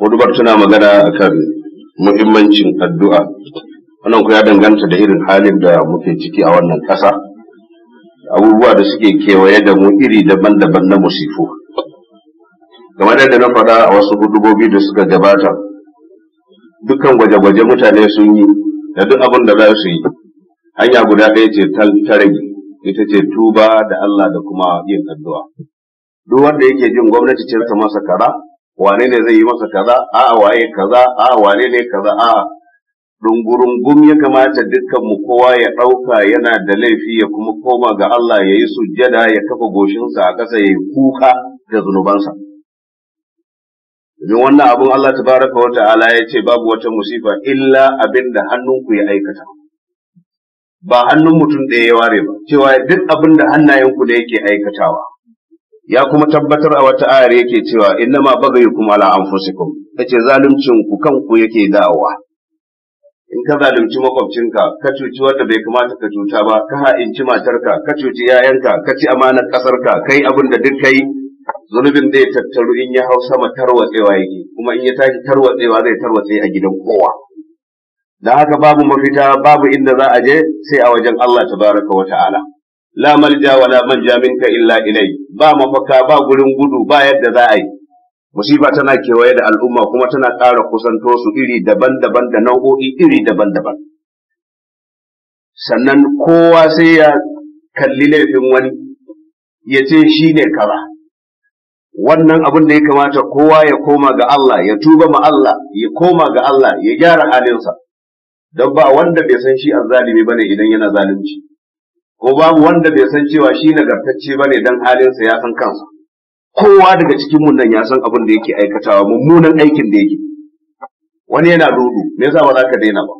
hudubar tana magana kan muhimmancin addu'a wannan ku ya danganta da irin halin da muke ciki a wannan ƙasa abubuwa da suke kewaye da mu iri daban-daban na musifu kamar yadda na faɗa a wasu hudubobi da suka gabata dukkan gwaje-gwaje mutane sun yi da duk abin da za su yi hanya guda ɗaya ce ta rage ita ce tuba da Allah da kuma yin addu'a duk wanda yake jin gwamnati ce ta masa kara wane ne zai yi masa kaza a waye kaza a wane ne kaza a dungurungum ya kamata dukkan mu kowa ya ɗauka yana da laifi ya kuma koma ga Allah ya yi sujjada ya kafa goshinsa a ƙasa ya yi kuka da zunubansa. Domin wannan abin Allah baraka wa ta'ala ya ce babu wata musifa illa abin da hannunku ya aikata. Ba hannun mutum ɗaya ya ware ba, cewa duk abinda da hannayenku da yake aikatawa. ya kuma tabbatar a wata ayar yake cewa innama kuma ala anfusikum yace zaluncin ku kanku yake da'awa in ka zalunci makwabcinka ka cuci wanda bai kamata ka cuta ba ka ha'inci matarka ka cuci yayanka ka ci amanar kasarka kai abin da duk kai zunubin zai tattaru in ya hau sama tarwatsewa yake kuma in ya tashi tarwatsewa zai tarwatse a gidan kowa dan haka babu mafita babu inda za a je sai a wajen Allah tabaraka wa ta'ala la malja wala manja minka illa ilai ba mafaka ba gurin gudu ba yadda za a yi musiba tana kewaye da al'umma kuma tana ƙara kusanto su iri daban-daban da nau'o'i iri daban-daban sannan kowa sai ya kalli laifin wani ya ce shi ne kaza wannan abin da ya kamata kowa ya koma ga Allah ya tuba ma Allah ya koma ga Allah ya gyara halinsa don ba wanda bai san shi azzalimi bane idan yana zalunci ko babu wanda bai san cewa shi nagartacce bane dan halinsa ya san kansa kowa daga cikin mun nan ya san abin da yake aikatawa mummunan aikin da yake wani yana dudu me yasa ba za ka daina ba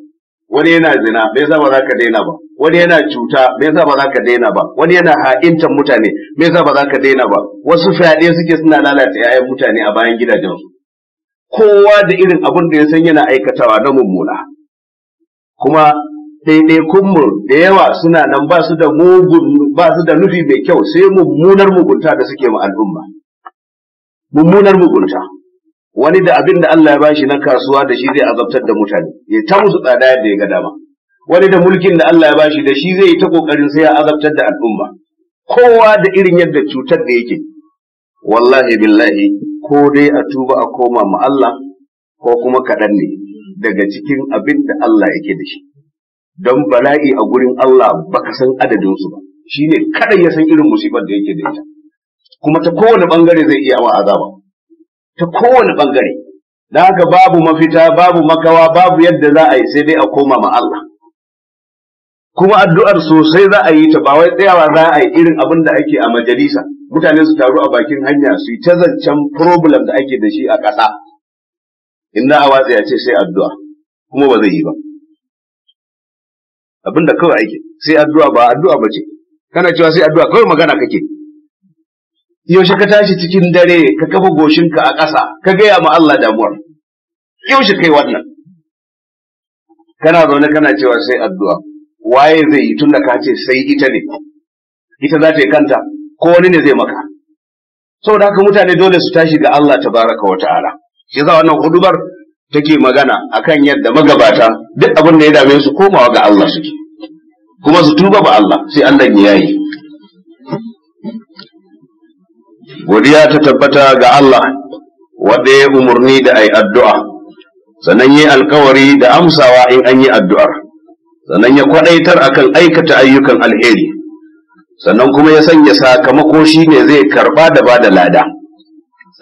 wani yana zina me yasa ba za ka daina ba wani yana cuta me yasa ba za ka daina ba wani yana ha'intan mutane me yasa ba za ka daina ba wasu fyaɗe suke suna lalata 'ya'yan mutane a bayan gidajen su. kowa da irin abin da ya san yana aikatawa na mummuna kuma kunmu da yawa suna nan ba su da mugun ba su da nufi mai kyau sai mummunar mugunta da suke ma al'umma mummunar mugunta wani da abin da Allah ya bashi na kasuwa da shi zai azabtar da mutane ya ta musu tsada yadda ya ga dama wani da mulkin da Allah ya bashi da shi zai yi ta kokarin sai ya azabtar da al'umma kowa da irin yadda cutar da yake wallahi billahi ko dai a tuba a koma ma Allah ko kuma kaɗan ne daga cikin abin da Allah yake da shi don bala'i a gurin Allah baka san adadin su ba ne kada ya san irin musibar da yake da ita kuma ta kowane bangare zai iya wa azaba ta kowane bangare da haka babu mafita babu makawa babu yadda za a yi sai dai a koma ma Allah kuma addu'ar sosai za a yi ta ba wai tsayawa za a yi irin abin da ake a majalisa mutane su taru a bakin hanya su yi ta zancen problem da ake da shi a ƙasa in na a watsa ya ce sai addu'a kuma ba zai yi ba abinda kawai aiki sai addu'a ba addu'a ba ce kana cewa sai addu'a kawai magana kake yaushe ka tashi cikin dare ka kafa goshinka a ƙasa ka gaya ma Allah damuwar yaushe kai wannan kana zaune kana cewa sai addu'a waye zai yi tunda ka ce sai ita ne ita za ta yi kanta ko wani ne zai maka saboda haka mutane dole su tashi ga Allah tabaraka wa ta'ala shi yasa wannan hudubar take magana akan yadda magabata duk abin da ya dame su komawa ga Allah suke kuma su tuba ba Allah sai Allah ya yayi godiya ta tabbata ga Allah wanda ya umarni da ai addu'a sannan yi alkawari da amsawa in an yi addu'ar sannan ya kwadaitar akan aikata ayyukan alheri sannan kuma ya sanya sakamako shine zai karba da bada lada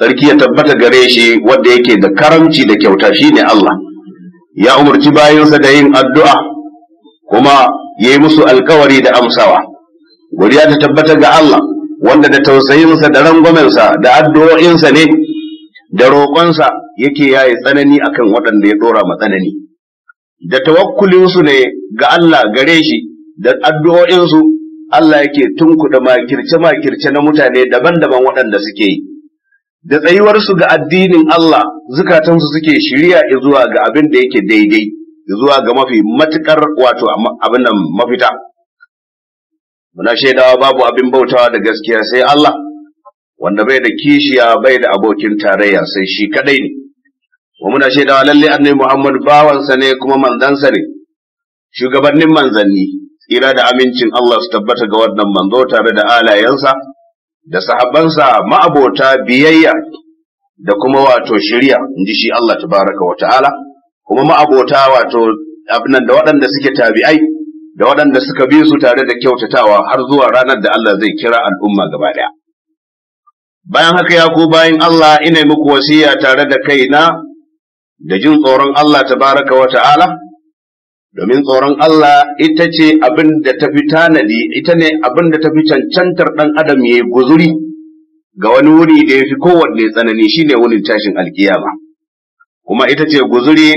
sarki ya tabbata gare shi wanda yake da karamci da kyauta shi ne Allah ya umarci bayansa da yin addu'a kuma yayi musu alkawari da amsawa godiya ta tabbata ga Allah wanda da tausayinsa da rangwamensa da addu'o'insa ne da roƙonsa yake yi tsanani akan waɗanda ya ɗora ma tsanani da tawakkulinsu ne ga Allah gare shi da addu'o'insu Allah yake tunkuɗa makirce-makirce na mutane daban-daban waɗanda suke yi da tsayuwarsu ga addinin Allah zukatansu suke shirya zuwa ga abin da yake daidai zuwa ga mafi matukar wato abin nan mafita muna shaidawa babu abin bautawa da gaskiya sai Allah wanda bai da kishiya bai da abokin tarayya sai shi kadai ne wa muna shaidawa lalle annabi Muhammad bawansa ne kuma manzansa ne shugabannin manzanni tsira da amincin Allah su tabbata ga wannan manzo tare da alayensa da sahabbansa ma'abota biyayya da kuma wato shirya in ji shi Allah tabaraka wa ta'ala kuma ma'abota wato abinan da waɗanda suke tabi'ai da waɗanda suka bi su tare da kyautatawa har zuwa ranar da Allah zai kira al'umma gaba ɗaya. Bayan haka ya ku bayan Allah ina muku wasiya tare da kaina da jin tsoron Allah tabaraka wa ta'ala domin tsoron Allah ita ce abin da ta fi tanadi ita ne abin da ta fi cancantar ɗan adam ya yi guzuri ga wani wuri da ya fi kowanne tsanani shine wurin tashin alkiyama kuma ita ce guzuri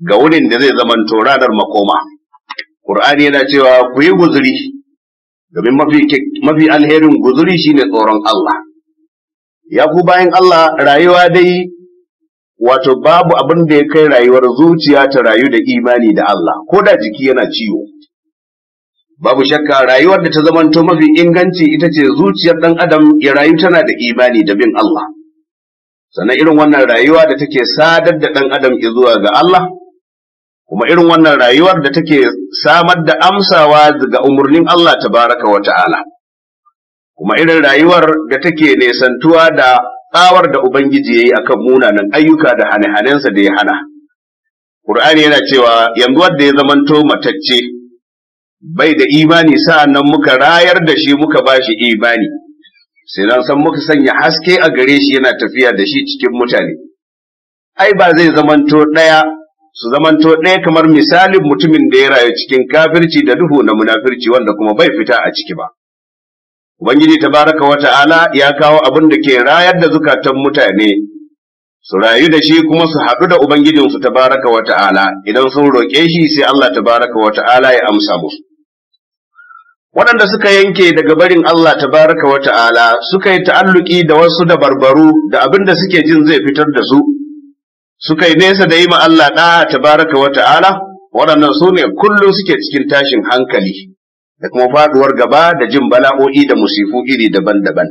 ga wurin da zai zama ranar makoma ƙur'ani yana cewa ku yi guzuri domin mafi alherin guzuri shine tsoron Allah ya ku bayan Allah rayuwa dai wato babu abin da ya kai rayuwar zuciya ta rayu da imani da Allah ko da jiki yana ciwo babu shakka rayuwar da ta zamanto mafi inganci ita ce zuciyar dan adam ya rayu tana da imani da bin Allah sannan irin wannan rayuwa da take sadar da dan adam zuwa ga Allah kuma irin wannan rayuwar da take samar da amsawa ga umarnin Allah tabaraka wa ta'ala kuma irin rayuwar da take nesantuwa da tsawar da Ubangiji ya yi a akan munanan ayyuka da hane-hanensa da ya hana. Ƙur'ani yana cewa yanzu wanda ya zamanto matacce bai da imani sa'an nan muka rayar da shi muka ba shi imani, sai nan san muka sanya haske a gare shi yana tafiya da shi cikin mutane. Ai, ba zai zamanto ɗaya su zamanto ɗaya kamar misalin mutumin da ya rayu cikin kafirci da duhu na munafirci wanda kuma bai fita a ciki ba. ubangiji tabaraka wa ta'ala ya kawo abin da ke rayar da zukatan mutane su rayu da shi kuma su haɗu da ubangijinsu tabaraka wa ta'ala idan sun roƙe shi sai Allah tabaraka wa ta'ala ya amsa musu waɗanda suka yanke daga barin Allah tabaraka wa ta'ala suka yi ta'alluki da wasu dabarbaru da abin da suke jin zai fitar da su suka yi nesa da yi ma Allah ɗa tabaraka wa ta'ala waɗannan su ne kullum suke cikin tashin hankali da kuma faduwar gaba da jin bala'o'i da musifu iri daban-daban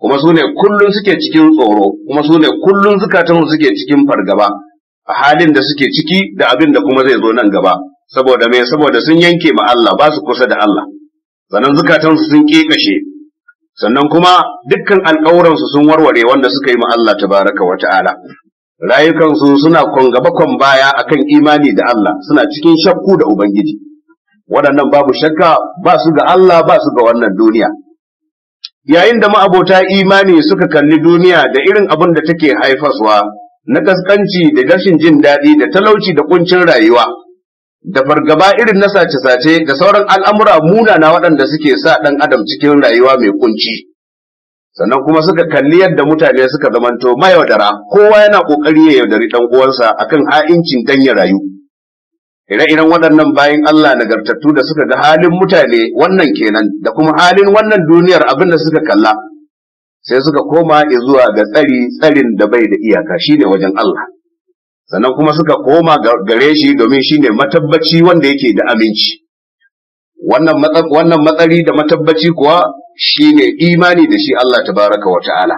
kuma su ne kullum suke cikin tsoro kuma su ne kullum zukatan suke cikin fargaba a halin da suke ciki da abin da kuma zai zo nan gaba saboda me saboda sun yanke ma Allah ba su kusa da Allah sannan zukatansu sun kekashe sannan kuma dukkan alkawuransu sun warware wanda suka yi ma Allah tabaraka wa ta'ala rayukansu suna kon gaba kon baya akan imani da Allah suna cikin shakku da ubangiji waɗannan babu shakka ba su ga Allah ba su ga wannan duniya yayin da ma'abota imani suka kalli duniya da irin abin da take haifaswa na kaskanci da gashin jin daɗi da talauci da ƙuncin rayuwa da fargaba irin na sace-sace da sauran al'amura munana waɗanda suke sa ɗan adam cikin rayuwa mai ƙunci, sannan kuma suka kalli yadda mutane suka zamanto mayaudara kowa yana ƙoƙari ya yaudari ɗan uwansa akan ha'incin dan ya rayu ire-iren waɗannan bayan Allah nagartattu da suka ga halin mutane wannan kenan da kuma halin wannan duniyar abin da suka kalla sai suka koma zuwa ga tsari tsarin da bai da iyaka shine wajen Allah sannan kuma suka koma gare shi domin shine matabbaci wanda yake da aminci wannan matsari da matabbaci kuwa shine imani da shi Allah tabaraka wa ta'ala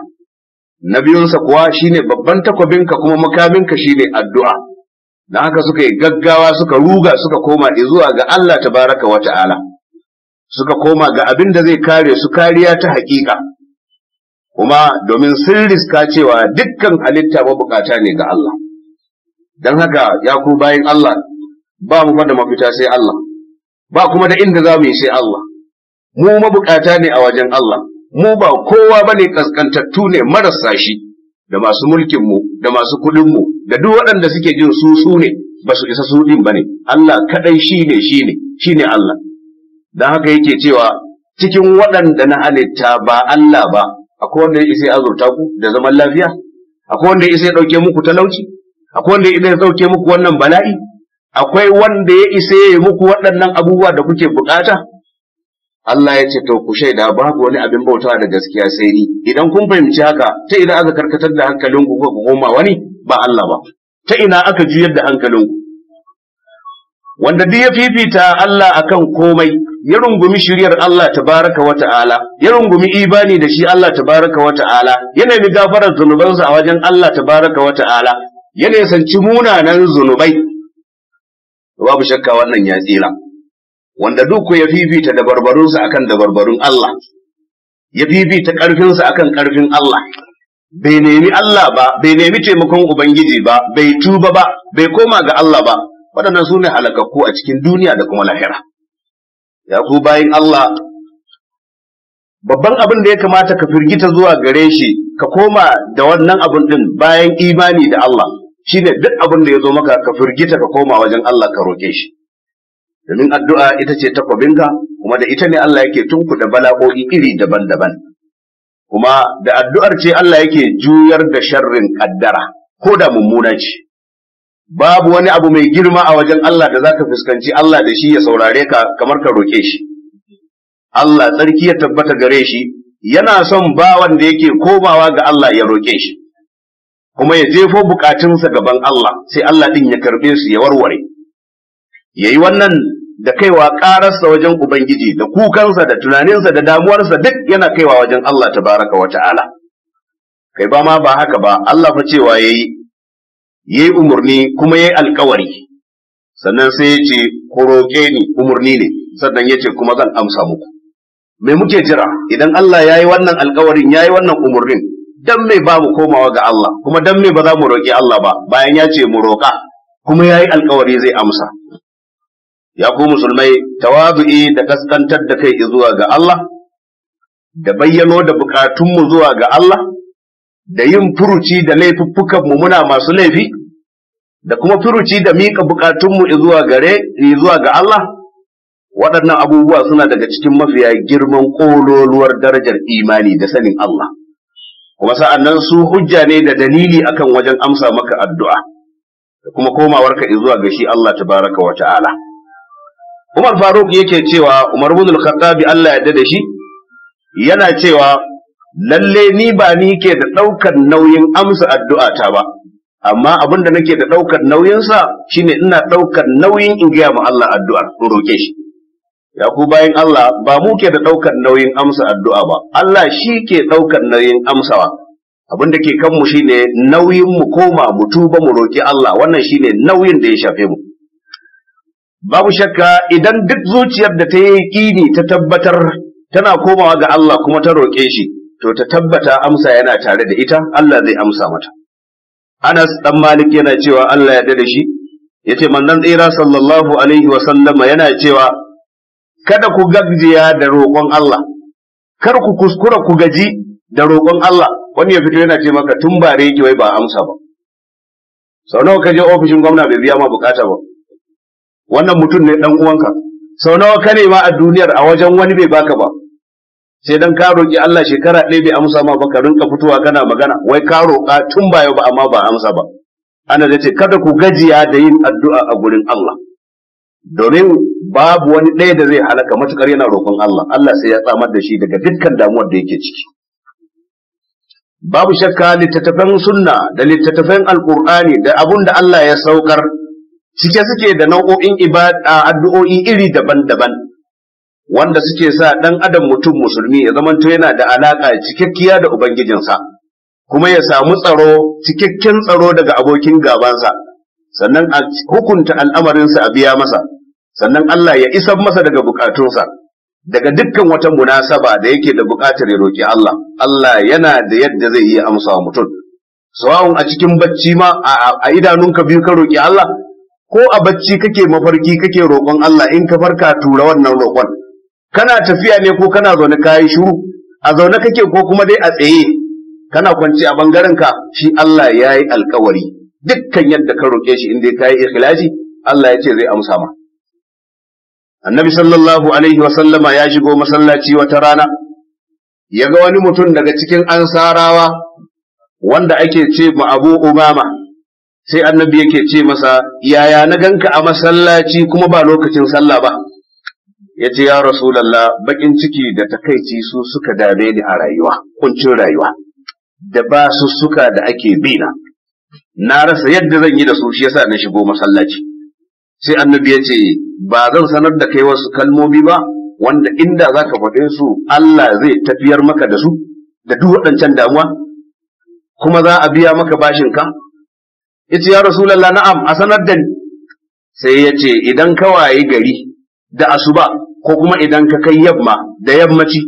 na biyunsa kuwa shine babban takwabinka kuma makaminka shine addu'a da haka suka yi gaggawa suka ruga suka koma zuwa ga Allah Ta Baraka wa ta'ala suka koma ga abin da zai kare su kariya ta haƙiƙa kuma domin sun riska cewa dukkan halitta mabukata ne ga Allah don haka ya ku bayan Allah ba mu da mafita sai Allah ba kuma da inda za mu yi sai Allah mu mabukata ne a wajen Allah mu ba kowa bane kaskantattu ne marasa shi da masu mulkin mu da masu mu da duk waɗanda suke jin su su ne ba su isa su ɗin ba ne Allah kaɗai shi ne shi ne shi Allah dan haka yake cewa cikin waɗanda na halitta ba Allah ba akwai wanda ya isa azurta ku da zaman lafiya akwai wanda ya isa ya ɗauke muku talauci akwai wanda ya isa ya ɗauke muku wannan bala'i akwai wanda ya isa ya yi muku waɗannan abubuwa da kuke buƙata Allah ya ce to ku shaida babu wani abin bauta da gaskiya sai ni idan kun fahimci haka ta ina aka karkatar da hankalin ku ko goma wani ba Allah ba ta ina aka juyar da hankalin ku wanda duk ya fifita Allah akan komai ya rungumi shiryar Allah tabaraka wa ta'ala ya rungumi ibani da shi Allah tabaraka wa ta'ala ya nemi gafarar zunubansa a wajen Allah tabaraka wa ta'ala ya nisanci munanan zunubai babu shakka wannan ya tsira wanda duk ya fifita dabarbarunsa akan dabarbarun Allah ya fifita karfinsa akan karfin Allah bai nemi Allah ba bai nemi taimakon ubangiji ba bai tuba ba bai koma ga Allah ba waɗannan su ne halakakku a cikin duniya da kuma lahira ya ku bayin Allah babban abin da ya kamata ka firgita zuwa gare shi ka koma da wannan abin din bayan imani da Allah shine duk abin da ya zo maka ka firgita ka koma wajen Allah ka roke shi domin addu'a ita ce ka, kuma da ita ne Allah yake da bala'o'i iri daban-daban kuma da addu'ar ce Allah yake juyar da sharrin kaddara ko da mummuna ce babu wani abu mai girma a wajen Allah da zaka fuskanci Allah da shi ya saurare ka kamar ka roke shi Allah tsarki ya tabbata gare shi yana son bawan da yake komawa ga Allah ya roke shi kuma ya jefo bukatunsa gaban Allah sai Allah din ya karbe su ya warware yayi wannan da kaiwa ƙararsa wajen Ubangiji da kukansa da tunaninsa da damuwarsa duk yana kaiwa wajen Allah baraka wa ta'ala. Kai ba ma ba haka ba, Allah fa cewa ya yi, ya yi umarni kuma ya yi alkawari, sannan sai ya ce, ku roƙe ni umarni ne, sannan ya ce kuma zan amsa muku. Me muke jira idan Allah ya yi wannan alkawarin ya yi wannan umarnin, dan me ba mu komawa ga Allah, kuma dan me ba za mu roƙi Allah ba, bayan ya ce mu roƙa, kuma ya yi alkawari zai amsa. ya ku musulmai tawazu'i da kaskantar da kai zuwa ga Allah da bayyano da bukatunmu zuwa ga Allah da yin furuci da mu muna masu laifi da kuma furuci da miƙa bukatunmu zuwa gare zuwa ga Allah waɗannan abubuwa suna daga cikin mafiya girman ƙololuwar darajar imani da sanin Allah kuma sa'an nan su hujja ne da dalili akan wajen amsa maka addu'a da kuma komawarka zuwa ga shi Allah tabaraka wa ta'ala Umar Faruk yake cewa Umar ibn al-Khattab Allah ya da shi yana cewa lalle ni ba ni ke da daukar nauyin amsa addu'a ta ba amma abin da nake da daukar nauyin sa shine ina daukar nauyin in ga mu Allah addu'a in roke shi ya ku bayan Allah ba mu ke da daukar nauyin amsa addu'a ba Allah shi ke daukar nauyin amsawa abin da ke kanmu shine nauyin mu koma mu tuba mu roki Allah wannan shine nauyin da ya shafe mu babu shakka idan duk zuciyar da ta yi ƙini ta tabbatar tana komawa ga Allah kuma ta roƙe shi to ta tabbata amsa yana tare da ita Allah zai amsa mata Anas dan Malik yana cewa Allah ya da shi yace manzon tsira sallallahu alaihi wa sallama yana cewa kada ku gajiya da roƙon Allah kar ku kuskura ku gaji da roƙon Allah wani ya fito yana ce maka tun bare yake wai ba amsa ba sau nawa ka je ofishin gwamna bai biya ma bukata ba wannan mutum ne dan uwanka sau nawa ka nema a duniyar a wajen wani bai baka ba sai dan ka roki Allah shekara ɗaya bai amsa ma ba ka rinka fitowa kana magana wai ka roƙa tun ba yau ba amma ba amsa ba ana da ce kada ku gajiya da yin addu'a a gurin Allah domin babu wani ɗaya da zai halaka matukar yana roƙon Allah Allah sai ya tsamar da shi daga dukkan damuwar da yake ciki babu shakka littattafan sunna da littattafan alkur'ani da abun da Allah ya saukar cike suke da nau'o'in addu'o'i iri daban-daban wanda suke sa ɗan adam mutum musulmi ya zamanto yana da alaƙa cikakkiya da ubangijinsa kuma ya samu tsaro cikakken tsaro daga abokin gabansa sannan a hukunta al'amarinsa a biya masa sannan Allah ya isar masa daga bukatunsa daga dukkan wata munasaba da yake da bukatar ya roƙi Allah Allah yana da yadda zai iya amsa mutum sawa'un a cikin bacci ma a idanunka biyu ka roƙi Allah ko a bacci kake mafarki kake roƙon Allah in ka farka tura wannan roƙon kana tafiya ne ko kana zaune ka yi shiru a zaune kake ko kuma dai a tsaye kana kwanci a bangaren ka shi Allah ya yi alkawari dukkan yadda ka roƙe shi in dai ka yi ikhlasi Allah ya ce zai amsa ma annabi sallallahu alaihi wa sallama ya shigo masallaci wata rana ya ga wani mutum daga cikin ansarawa wanda ake ce ma abu umama sai annabi yake ce masa yaya na ganka a masallaci kuma ba lokacin sallah ba ya ce ya rasulallah bakin ciki da takaici su suka dame ni a rayuwa kuncin rayuwa da ba su suka da ake bi na Na rasa yadda zan yi da su shi yasa na shigo masallaci sai annabi ya ce ba zan sanar da kai wasu kalmomi ba wanda inda za ka faɗe su Allah zai tafiyar maka da su da duk waɗancan damuwa kuma za a biya maka bashin ka? yace ya rasulullah na'am a sanar da ni sai yace idan ka waye gari da asuba ko kuma idan ka kai yamma da yammaci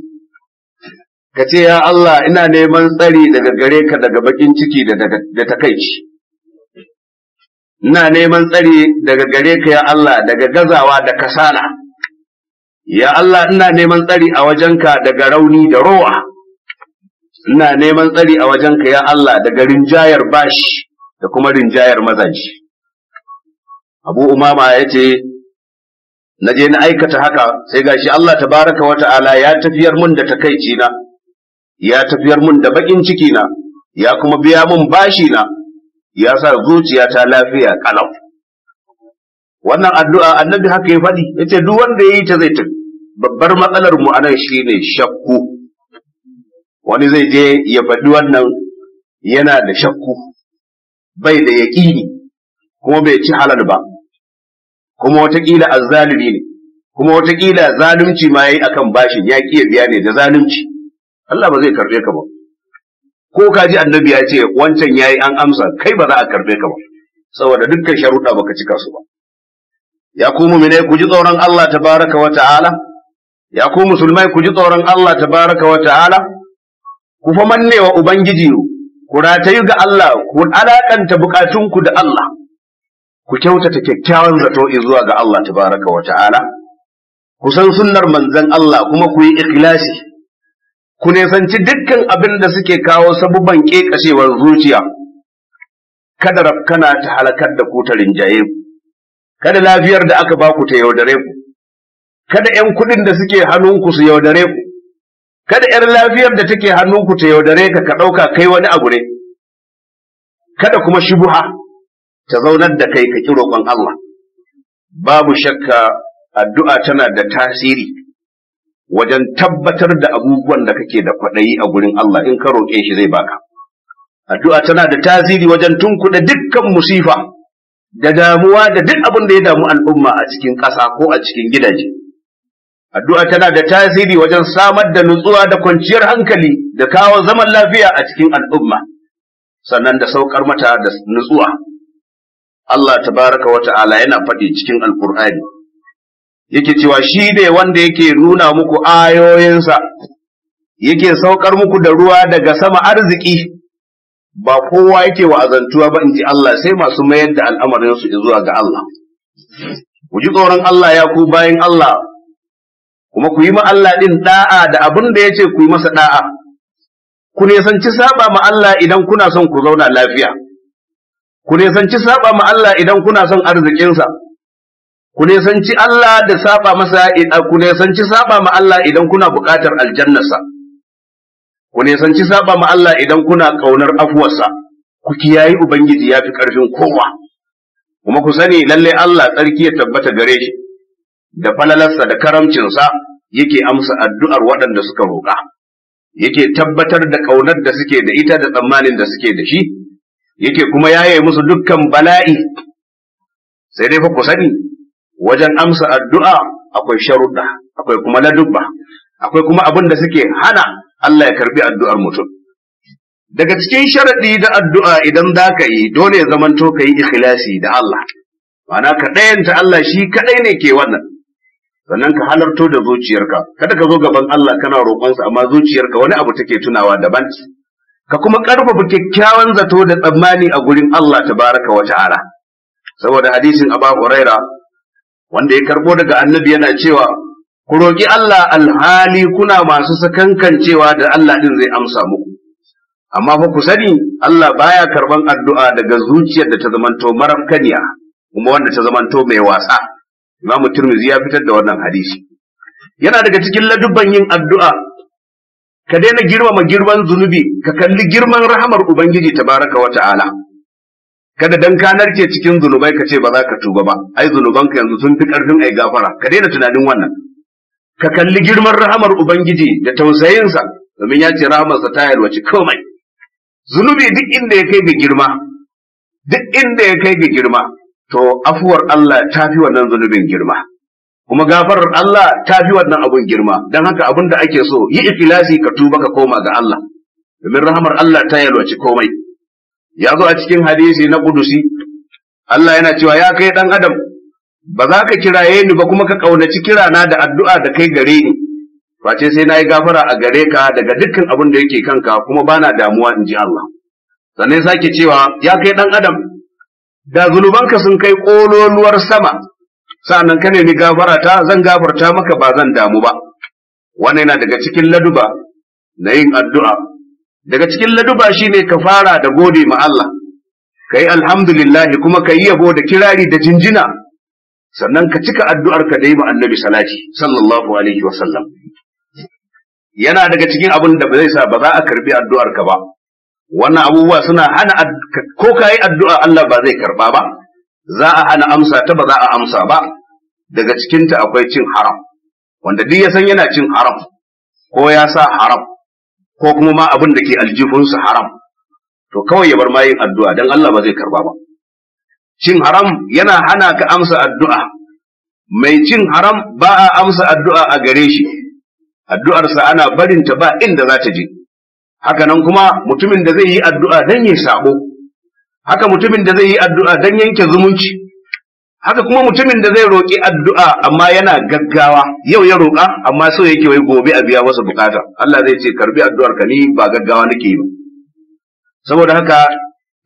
ka ce ya Allah ina neman tsari daga gare ka daga bakin ciki da da takaici ina neman tsari daga gare ka ya Allah daga gazawa da kasala ya Allah ina neman tsari a wajenka daga rauni da rowa ina neman tsari a wajenka ya Allah daga rinjayar bashi da kuma rinjayar mazaji abu umama ya ce na je na aikata haka sai gashi Allah Ta baraka wa ta'ala ya tafiyar mun da takaicina na ya tafiyar mun da bakin ciki na ya kuma biya mun bashi na ya sa zuciya ta lafiya kalaf wannan addu'a annabi haka ya faɗi yace duk wanda yi ta zai tafi babbar matsalar mu anan ne shakku wani zai je ya faɗi wannan yana da shakku bai da yaƙini kuma bai ci halal ba kuma watakila azzalimi ne kuma watakila zalunci ma yayi akan bashin ya kiya biya ne da zalunci Allah ba zai karbe ka ba ko ka ji annabi ya ce wancan yayi an amsa kai ba za a karbe ka ba saboda dukkan sharuɗa baka cika su ba ya ku mu'minai ku ji tsoron Allah tabaraka wa ta'ala ya ku musulmai ku ji tsoron Allah tabaraka wa ta'ala ku fa mannewa ubangiji ku ratayu ga Allah ku alakanta bukatunku da Allah ku kyautata kyakkyawan zato zuwa ga Allah tabaraka wa ta'ala ku san sunnar manzon Allah kuma ku yi ikhlasi ku nesanci dukkan abin da suke kawo sabuban kekashewar zuciya kada rafkana ta halakar da ku ta rinjaye kada lafiyar da aka baku ta yaudare ku kada ƴan kuɗin da suke hannunku su yaudare ku kada ‘yar lafiyar da take hannunku ta yaudare ka ka ɗauka kai wani abu ne, kada kuma shubuha ta zaunar da kai ka ƙi roƙon Allah. Babu shakka addu'a tana da tasiri wajen tabbatar da abubuwan da kake da kwaɗayi a gurin Allah in ka roƙe shi zai baka. Addu'a tana da tasiri wajen tunkuɗa dukkan musifa da damuwa da duk abin da ya damu al'umma a cikin ƙasa ko a cikin gidaje. addu'a tana da tasiri wajen samar da nutsuwa da kwanciyar hankali da kawo zaman lafiya a cikin al'umma sannan da saukar mata da nutsuwa Allah tabaraka wa ta'ala yana faɗi cikin alkur'ani yake cewa shi ne wanda yake nuna muku ayoyinsa yake saukar muku da ruwa daga sama arziki ba kowa yake wa'azantuwa ba in ji Allah sai masu mayar da al'amarin ya zuwa ga Allah. Ku ji tsoron Allah ya ku bayan Allah kuma ku yi ma Allah din da'a da abin da yace ku yi masa da'a ku nisanci saba ma Allah idan kuna son ku zauna lafiya ku nisanci saba ma Allah idan kuna son arzikinsa ku nisanci Allah da saba masa ku nisanci saba ma Allah idan kuna buƙatar aljannarsa ku nisanci saba ma Allah idan kuna ƙaunar afuwarsa ku kiyaye ubangiji ya fi ƙarfin kowa kuma ku sani lalle Allah tsarki ya tabbata gare shi da falalarsa da karamcinsa yake amsa addu'ar waɗanda suka roƙa yake tabbatar da ƙaunar da suke da ita da tsammanin da suke da shi yake kuma yaye musu dukkan bala'i sai dai fa ku sani wajen amsa addu'a akwai sharuɗa akwai kuma ladubba akwai kuma abin da suke hana Allah ya karbi addu'ar mutum daga cikin sharaɗi da addu'a idan za ka yi dole ya zamanto ka yi ikhlasi da Allah ma'ana ka ɗayanta Allah shi kaɗai ne ke wannan sannan ka halarto da zuciyarka kada ka zo gaban Allah kana roƙonsa amma zuciyarka wani abu take tunawa daban ka kuma ƙarfafa kyakkyawan zato da tsammani a gurin Allah tabaraka wa ta'ala saboda hadisin Abu Huraira wanda ya karbo daga annabi yana cewa ku roƙi Allah alhali kuna masu cewa da Allah din zai amsa muku amma fa ku sani Allah baya karban addu'a daga zuciyar da ta zamanto marafkaniya kuma wanda ta zamanto mai wasa Imam Tirmidhi ya fitar da wannan hadisi yana daga cikin ladubban yin addu'a ka daina girmama girman zunubi ka kalli girman rahamar ubangiji tabaraka wa ta'ala kada dan ka narke cikin zunubai ka ce ba za ka tuba ba ai zunubanka yanzu sun fi karfin ai gafara ka daina tunanin wannan ka kalli girman rahamar ubangiji da tausayinsa domin ya ce rahamarsa ta yalwaci komai zunubi duk inda ya kai ga girma duk inda ya kai ga girma to afuwar Allah ta fi wannan zunubin girma kuma gafarar Allah ta fi wannan abun girma don haka abin da ake so yi ikhlasi ka tuba ka koma ga Allah domin rahamar Allah ta yalwaci komai ya zo a cikin hadisi na kudusi Allah yana cewa ya kai dan adam ba za ka kiraye ni ba kuma ka kaunaci kirana da addu'a da kai gare ni face sai na yi gafara a gare ka daga dukkan abin da yake kanka kuma bana damuwa in ji Allah sannan sake cewa ya kai dan adam da zulubanka sun kai ƙololuwar sama sa'annan ka nemi gafara ta zan gafarta maka ba zan damu ba wannan yana daga cikin laduba na yin addu'a daga cikin laduba shine ka fara da gode ma Allah kai alhamdulillah kuma ka yi yabo da kirari da jinjina sannan ka cika addu'ar ka da ma annabi salati sallallahu alaihi wa yana daga cikin abin da ba zai sa ba za a karbi addu'ar ka ba wannan abubuwa suna hana ko ka yi addu'a Allah ba zai karba ba za a hana amsa ta ba za a amsa ba daga cikinta akwai cin haram wanda duk ya san yana cin haram ko ya sa haram ko kuma ma abin da ke aljihunsa haram to kawai ya bar ma yin addu'a dan Allah ba zai karba ba cin haram yana hana ka amsa addu'a mai cin haram ba a amsa addu'a a gare shi addu'arsa ana barinta ba inda za ta je haka nan kuma mutumin da zai yi addu'a dan yin sabo haka mutumin da zai yi addu'a dan yanke zumunci haka kuma mutumin da zai roƙi addu'a amma yana gaggawa yau ya roƙa amma so yake wai gobe a biya masa bukata Allah zai ce karbi addu'ar ka ni ba gaggawa nake yi ba saboda haka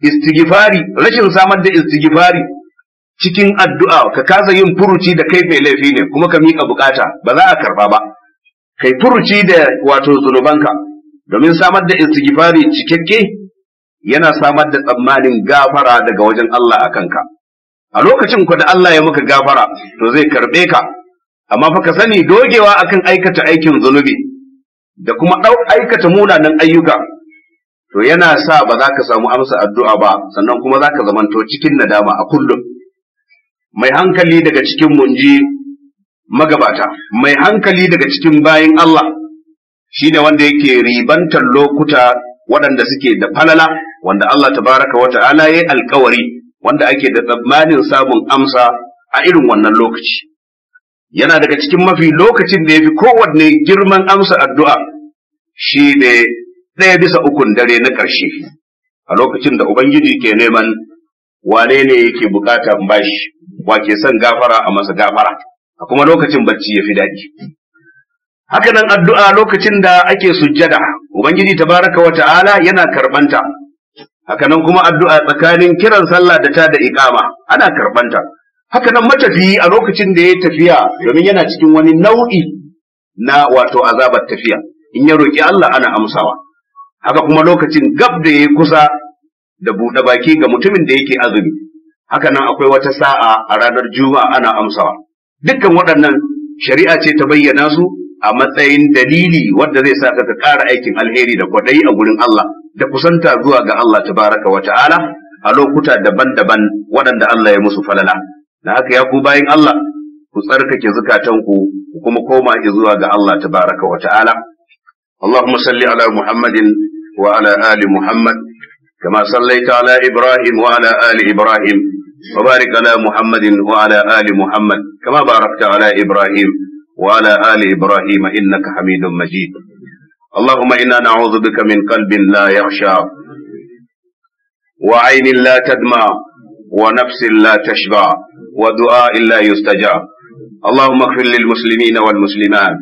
istighfari rashin samar da istighfari cikin addu'a ka kasa yin furuci da kai mai laifi ne kuma ka miƙa bukata ba za a karba ba kai furuci da wato zunubanka domin samar da istighfari cikakke yana samar da tsammanin gafara daga wajen Allah a kanka a lokacin ku da Allah ya muka gafara to zai karɓe ka amma fa ka sani dogewa akan aikata aikin zunubi da kuma ɗau aikata munanan ayyuka to yana sa ba za ka samu amsa addu'a ba sannan kuma za ka zamanto cikin nadama a kullum mai hankali daga cikin munji magabata mai hankali daga cikin bayin Allah Shi ne wanda yake ribantar lokuta waɗanda suke da falala wanda Allah tabaraka wa ta'ala ya yi alkawari wanda ake da tsammanin samun amsa a irin wannan lokaci yana daga cikin mafi lokacin da ya fi kowanne girman amsa addu'a shi ne ɗaya bisa ukun dare na ƙarshe a lokacin da Ubangiji ke neman wane ne yake bukata bashi wa ke son gafara a masa gafara a kuma lokacin bacci ya fi daɗi Hakanan addu'a lokacin da ake sujjada ubangiji tabaraka wa ta'ala yana karbanta haka kuma addu'a tsakanin kiran sallah da ta da iqama ana karɓanta. Hakanan nan matafiyi a lokacin da ya tafiya domin yana cikin wani nau'i na wato azabar tafiya in ya roki Allah ana amsawa haka kuma lokacin gab da ya kusa da buɗe baki ga mutumin da yake azumi hakanan akwai wata sa'a a ranar juma'a ana amsawa dukkan waɗannan shari'a ce ta bayyana su a matsayin dalili wanda zai sa ka ƙara aikin alheri da kwaɗayi a gurin Allah da kusanta zuwa ga Allah tabaraka wa ta'ala a lokuta daban-daban waɗanda Allah ya musu falala da haka ya ku bayin Allah ku tsarkake zukatanku ku kuma koma zuwa ga Allah tabaraka wa ta'ala اللهم صل على محمد وعلى آل محمد كما صليت على إبراهيم وعلى آل إبراهيم وبارك على محمد وعلى آل محمد كما باركت على إبراهيم وعلى آل إبراهيم إنك حميد مجيد اللهم إنا نعوذ بك من قلب لا يخشى وعين لا تدمع ونفس لا تشبع ودعاء لا يستجاب اللهم اغفر للمسلمين والمسلمات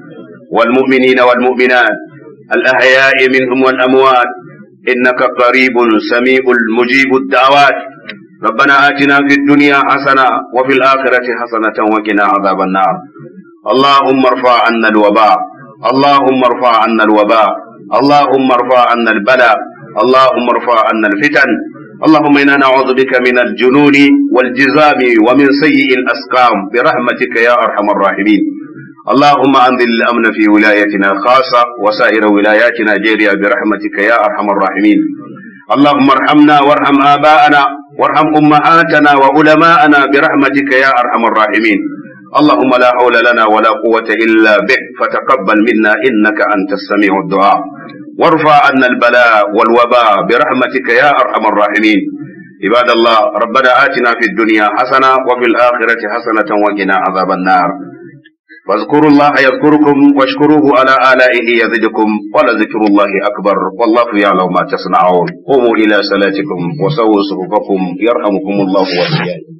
والمؤمنين والمؤمنات الأحياء منهم والأموات إنك قريب سميع مجيب الدعوات ربنا آتنا في الدنيا حسنة وفي الآخرة حسنة وقنا عذاب النار اللهم ارفع عنا الوباء اللهم ارفع عنا الوباء اللهم ارفع عنا البلاء اللهم ارفع عنا الفتن اللهم انا نعوذ بك من الجنون والجزام ومن سيء الاسقام برحمتك يا ارحم الراحمين اللهم انزل الامن في ولايتنا الخاصه وسائر ولايات نيجيريا برحمتك يا ارحم الراحمين اللهم ارحمنا وارحم اباءنا وارحم امهاتنا وعلماءنا برحمتك يا ارحم الراحمين اللهم لا حول لنا ولا قوة إلا بك فتقبل منا إنك أنت السميع الدعاء وارفع عنا البلاء والوباء برحمتك يا أرحم الراحمين عباد الله ربنا آتنا في الدنيا حسنة وفي الآخرة حسنة وقنا عذاب النار فاذكروا الله يذكركم واشكروه على آلائه يزدكم ولذكر الله أكبر والله يعلم ما تصنعون قوموا إلى صلاتكم وسووا صفوفكم يرحمكم الله وإياكم